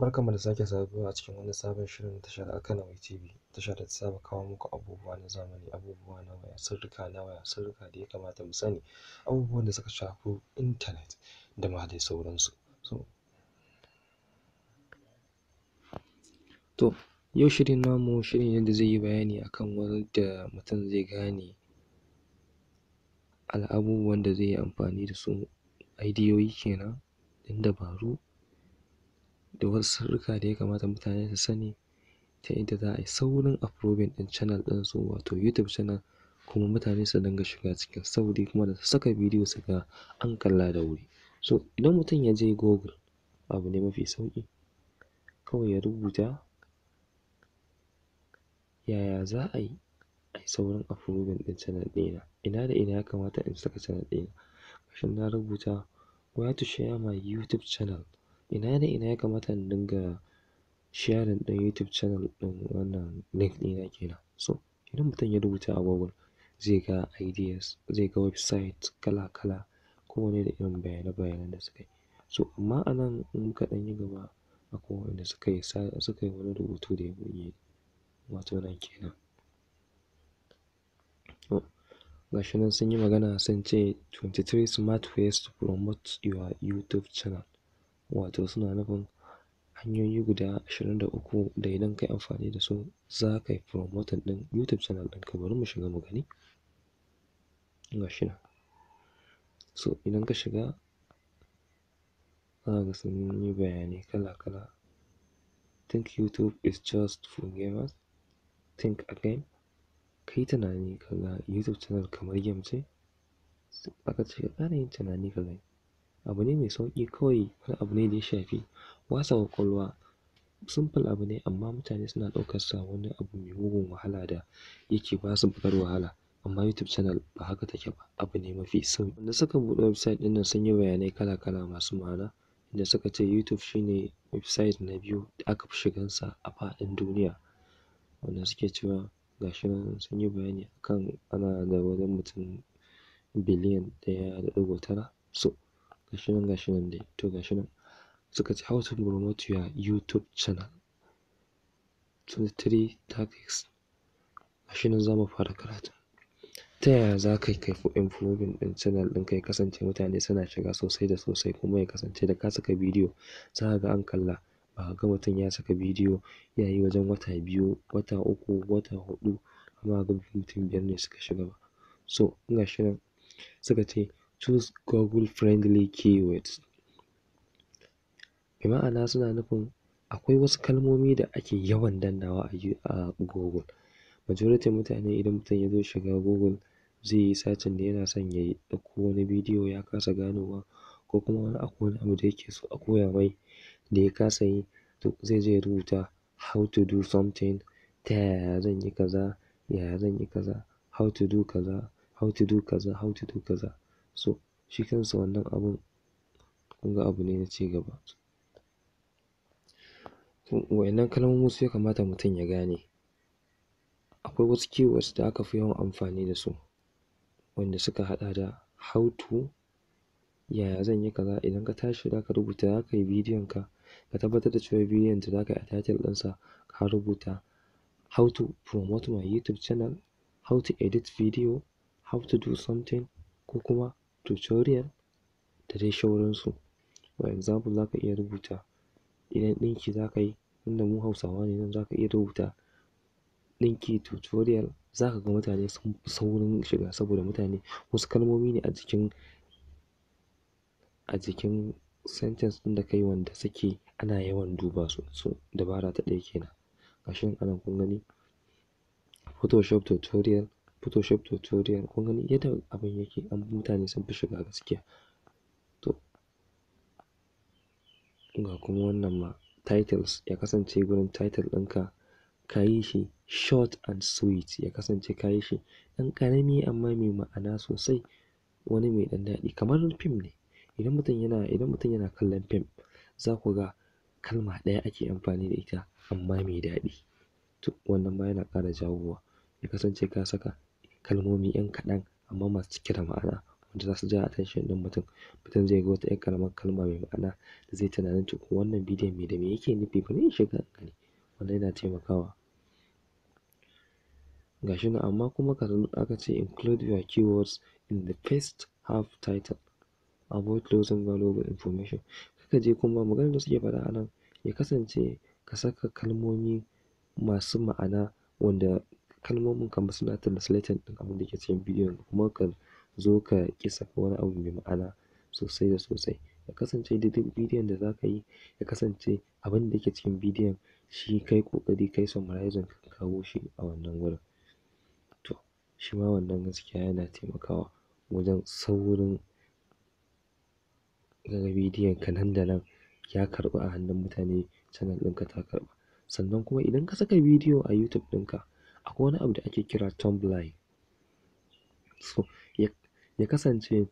Barkanmu da sake saduwa a cikin wani sabon shirin tashar na TV, tashar da ta saba kawo muku abubuwa na zamani, abubuwa na waya, sirrika na waya, sirrika da ya kamata mu sani, abubuwan da suka shafi intanet da ma dai sauransu. To yau shirin namu shiri ne da zai yi bayani akan wanda mutum zai gane abubuwan da zai yi amfani da su aidiyoyi kenan ‘yan dabaru da wasu sirrika da ya kamata mutane su sani ta yadda za a yi saurin approving ɗin channel ɗinsu wato YouTube channel kuma mutane su dinga shiga cikin sauri kuma da su saka bidiyo su ga an kalla da wuri. So idan mutum ya je Google abu ne mafi sauki kawai ya rubuta yaya za a yi ai saurin approving ɗin channel ɗina ina da ina ya kamata in saka channel ɗina gashin na rubuta where to share my YouTube channel ina da ina ya kamata in dinga sharing ɗin YouTube channel ɗin wannan link ɗina kenan so idan mutum ya rubuta a Google zai ga ideas zai ga website kala kala kowane da irin bayanai bayanan da suka yi so amma anan in muka ɗan yi gaba akwai waɗanda suka yi wani rubutu da ya burge wato nan kenan ga shi nan sun yi magana sun ce 23 smart ways to promote your youtube channel wato suna nufin hanyoyi guda 23 da idan ka amfani da su za ka yi promoting ɗin youtube channel ɗinka bari mu shiga mu gani ga shi nan so idan ka shiga za ga sun yi bayanai kala-kala think youtube is just for gamers think again ka yi tunani ka ga YouTube channel kamar game ce aka ce ka ƙara yin tunani ka gani abu ne mai sauƙi kawai wani abu ne da ya shafi wasa ƙwaƙwalwa simple abu ne amma mutane suna ɗaukar sa wani abu mai mugun wahala da yake ba su bakar wahala amma YouTube channel ba haka take ba abu ne mafi sauƙi wanda suka buɗe website ɗin nan sun yi bayanai kala-kala masu ma'ana inda suka ce YouTube shine website na biyu da aka fi shigansa a faɗin duniya wanda suke cewa ga shi nan sun yi bayani akan ana da wajen mutum biliyan ɗaya da ɗigo tara so ga shi nan ga shi nan dai to ga shi nan suka ce how to promote your YouTube channel 23 tactics ga shi nan za mu fara karatu ta yaya za ka kai improving ɗin channel ɗin ka kasance mutane suna shiga sosai da sosai kuma ya kasance da ka saka bidiyo za ka ga an kalla ba ga mutum ya saka bidiyo ya yi wajen wata biyu, wata uku, wata huɗu amma ba ka ga mutum biyar ne suka shiga ba. So ga shi nan suka ce choose Google friendly keywords. Bi ma'ana suna nufin akwai wasu kalmomi da ake yawan dannawa a Google. Majority mutane idan mutum ya zo shiga Google zai yi satin da yana son ya yi ɗauko wani bidiyo ya kasa ganowa ko kuma wani abu da yake so a koya mai da ya kasa yi to zai ya rubuta how to do something, ta yaya zan yi kaza, yaya zan yi kaza, how to do kaza, how to do kaza, how to do kaza. So shi kansa wannan abun kun ga abu ne na ci gaba. Wa'innan kalmomi sai ya kamata mutum ya gane. Akwai wasu keywords da aka fi yawan amfani da su wanda suka haɗa da how to, yaya zan yi kaza. Idan ka tashi za ka rubuta za ka yi bidiyon ka ka tabbatar da cewa bidiyon da za ka yi a title ɗinsa ka rubuta how to promote my YouTube channel, how to edit video, how to do something ko kuma tutorial da dai sauransu. For example za ka iya rubuta idan ɗinki za ka yi tunda mu Hausawa ne nan za ka iya rubuta ɗinki tutorial za ka ga mutane sun saurin shiga saboda mutane wasu kalmomi ne a jikin a jikin sentence ɗin da kai wanda suke ana yawan duba su so dabara ta ɗaya kenan gashin anan kun gani photoshop tutorial photoshop tutorial kun gani yadda abin yake an mutane sun fi shiga gaskiya to ga kuma wannan ma titles ya kasance gurin title ɗinka ka yi shi short and sweet ya kasance ka yi shi ɗan ƙarami amma mai ma'ana sosai wani mai ɗan daɗi kamar fim ne idan mutum yana idan mutum yana kallon fim za ku ga kalma ɗaya ake amfani da ita amma mai daɗi to wannan ma yana ƙara jawowa ya kasance ka saka kalmomi 'yan kaɗan amma masu cike da ma'ana wanda za su ja attention ɗin mutum mutum zai ga wata 'yar ƙaramar kalma mai ma'ana da zai tunanin to wannan bidiyon mai da me yake nufi ba in shiga hankali. wannan yana taimakawa gashi nan amma kuma ka aka ce include your keywords in the first half title avoid losing valuable information kaka je kuma maganar da suke faɗa a nan ya kasance ka saka kalmomi masu ma'ana wanda kalmomin ba suna translating ɗin abin da ke cikin bidiyon kuma ka zo ka ƙi saka wani abu mai ma'ana sosai da sosai ya kasance dai duk bidiyon da zaka yi ya kasance abin da yake cikin bidiyon shi kai ƙoƙari kai summarizing ka kawo shi a wannan wurin to shi wannan gaskiya yana taimakawa wajen saurin ka ga bidiyon ka nan da nan ya karɓu a hannun mutane channel ɗinka ta karɓu. Sannan kuma idan ka saka bidiyo a YouTube ɗinka akwai wani abu da ake kira Tumblr. So ya, kasance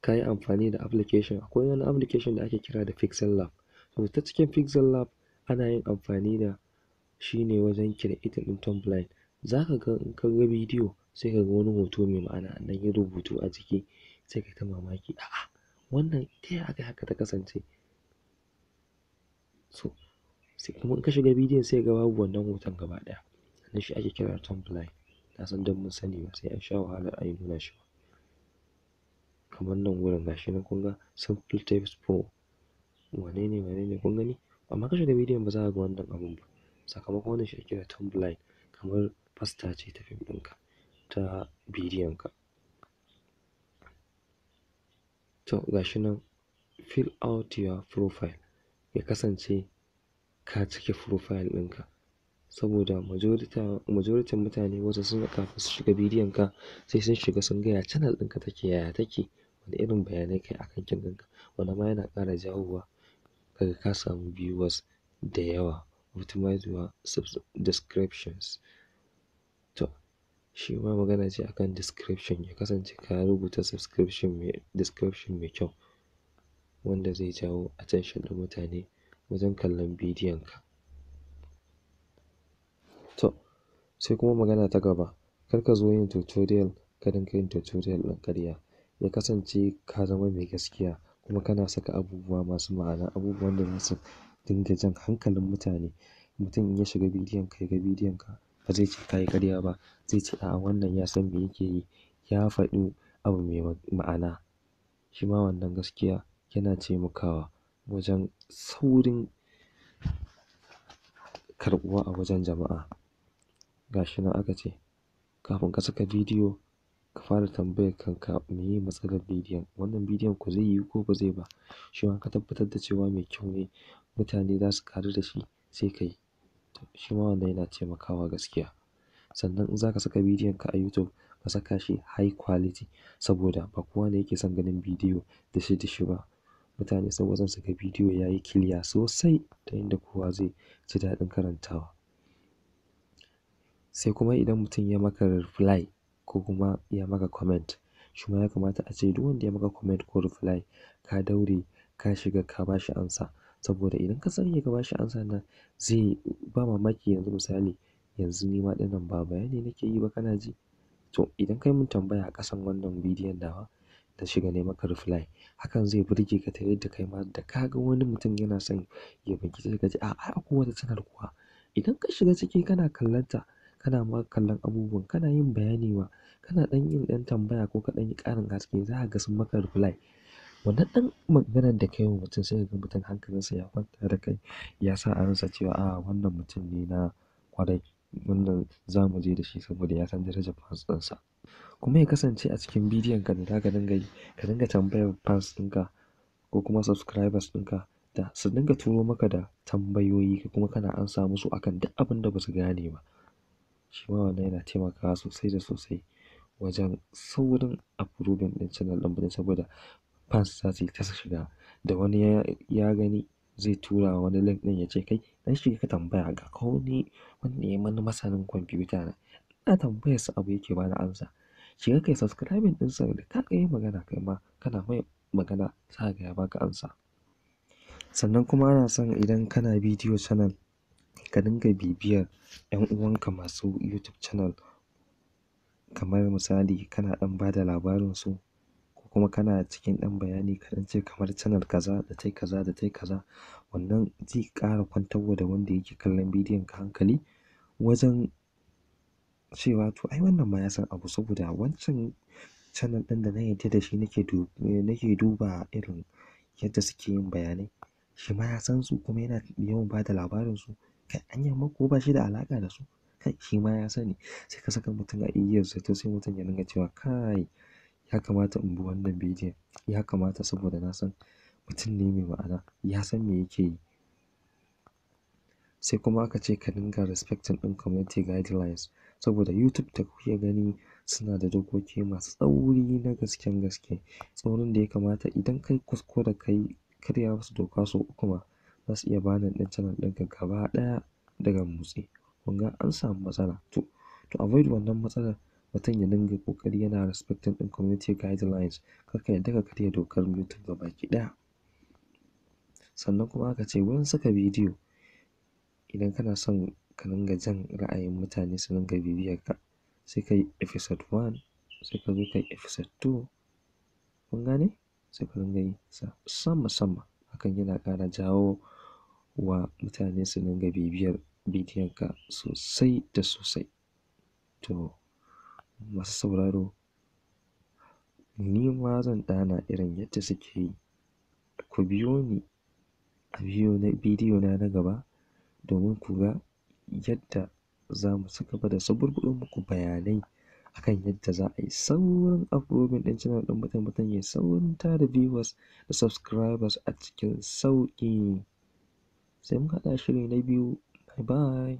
ka yi amfani da application akwai wani application da ake kira da Pixel Lab. so ta cikin Pixel Lab ana yin amfani da shi ne wajen ita ɗin Tumblr. Za ka ga in ka ga bidiyo sai ka ga wani hoto mai ma'ana nan ya rubutu a jiki sai kai ta mamaki a'a wannan ta ya aka haka ta kasance so sai kuma in ka shiga bidiyon sai ga babu wannan hoton gaba ɗaya na shi ake kira blind na san don mun sani ba sai an sha wahalar a yi nuna shi ba kamar nan wurin shi nan kun ga simple types pro wane ne wane ne kun gani amma ka shiga bidiyon ba za ka ga wannan abun ba sakamakon wannan shi ake kira blind kamar fasta ce ta fim ɗinka ta bidiyon ka to ga shi nan fill out your profile ya kasance ka cike profile ɗinka saboda majority mutane wasu sun kafin su shiga bidiyon ka sai sun shiga sun gaya channel ɗinka take yaya take wani irin bayanai kai akan kin ɗinka wani ma yana ƙara jawowa kaga ka samu viewers da yawa optimize your subscriptions. shi ma magana ce a kan description. Ya kasance ka rubuta subscription mai description mai kyau wanda zai jawo attention ɗin mutane wajen kallon bidiyon ka. To, sai kuma magana ta gaba. Kar ka zo yin tutorial ka dinga yin tutorial ɗin ƙarya. Ya kasance ka zama mai gaskiya kuma kana saka abubuwa masu ma'ana, abubuwan da za su dinga jan hankalin mutane. Mutum in ya shiga bidiyon ka ya ga bidiyon ka ba zai ce ka ƙarya ba zai ce a'a wannan ya san me yake yi ya faɗi abu mai ma'ana shi ma wannan gaskiya yana taimakawa wajen saurin karɓuwa a wajen jama'a ga shi nan aka ce kafin ka saka bidiyo ka fara tambayar kanka meye matsalar bidiyon wannan bidiyon ku zai yiwu ko ba zai ba ma ka tabbatar da cewa mai kyau ne mutane za su ƙaru da shi sai ka yi shi ma wanda yana taimakawa gaskiya. Sannan in za ka saka bidiyonka a YouTube ka saka shi high quality saboda ba kowa ne yake son ganin bidiyo da dishi ba. Mutane saboda zan su ga bidiyo ya yi kiliya sosai ta inda kowa zai ji daɗin karantawa. Sai kuma idan mutum ya maka reply ko kuma ya maka comment, shi ma ya kamata a ce duk wanda ya maka comment ko reply ka daure ka shiga ka ba shi amsa saboda idan ka sani ka bashi ansa nan zai ba mamaki yanzu misali yanzu ni ma nan ba bayani nake yi ba kana ji to idan kai mun tambaya a ƙasan wannan bidiyon dawa na shiga ne maka reply hakan zai burge ka ta yadda kai ma da ka ga wani mutum yana son ya bincike sai ka a ai akwai wata sanar kuwa idan ka shiga ciki kana kallanta kana ma kallon abubuwan kana yin bayani ma kana ɗan yin ɗan tambaya ko ka ɗan yi ƙarin haske za ka ga sun maka reply wannan ɗan maganar da kai wa mutum sai ga mutum hankalinsa ya kwanta da kai ya sa a ransa cewa a ah, wannan mutum ne na kwarai wannan za mu je da shi saboda ya san darajar fans ɗinsa kuma ya kasance a cikin bidiyon ka da za ka dinga yi ka dinga tambayar fans ɗinka ko kuma subscribers ɗinka da su dinga turo maka da tambayoyi ka kuma kana amsa musu akan duk abin da ba su gane ba shi ma wannan yana taimakawa sosai da sosai wajen saurin approving ɗin channel ɗin saboda fans za su ta shiga da wani ya, gani zai tura wani link ɗin ya ce kai dan shiga ka tambaya ga wani wanda ya mana masanin kwamfuta na ina tambayar su abu yake bani amsa shiga kai subscribing din sa da ka kai magana kai ma kana mai magana sa ga ya baka amsa sannan kuma ana son idan kana bidiyo channel ka dinga bibiyar 'yan uwanka masu YouTube channel kamar misali kana ɗan ba da su kuma kana cikin ɗan bayani kaɗan ce kamar canal kaza da tai kaza da tai kaza wannan zai ƙara kwantarwa da wanda yake kallon bidiyon ka hankali wajen cewa to ai wannan ma ya san abu saboda wancan canal ɗin da na yarda da shi nake duba irin yadda suke yin bayanai shi ma ya san su kuma yana yawan ba da labarin su kai anya ma ko ba shi da alaƙa da su kai shi ma ya sani sai ka saka mutum a igiyar to sai mutum ya dinga cewa kai ya kamata in bi wannan bidiyon ya kamata saboda na san mutum ne mai ma'ana ya san me yake yi sai kuma aka ce ka dinga respecting ɗin community guidelines saboda YouTube ta kuke gani suna da dokoki masu tsauri na gasken gaske tsaurin da ya kamata idan kai kuskure kai karya musu doka sau uku ma za su iya bani ɗin channel ɗinka gaba ɗaya daga motsi kun ga an samu matsala to to avoid wannan matsalar mutum ya dinga ƙoƙari yana respecting ɗin community guidelines kar ka yadda ka karya dokar YouTube baki ɗaya sannan kuma aka ce wurin saka bidiyo idan kana son ka dinga jan ra'ayin mutane su dinga bibiyar ka sai ka yi episode 1 sai ka zo ka yi episode 2 kun gane sai ka dinga yi sama sama hakan yana ƙara jawo wa mutane su dinga bibiyar bidiyon ka sosai da sosai to masu sauraro ni ma zan ɗana irin yadda suke yi. Ku biyo ni a bidiyo na na gaba domin ku ga yadda za mu ci gaba da suburbuɗo muku bayanai akan yadda za a yi saurin uploading ɗin channel ɗin mutum, mutum ya saurin tara viewers da subscribers a cikin sauƙi. Sai mun haɗa shiri na biyu. Bye bye.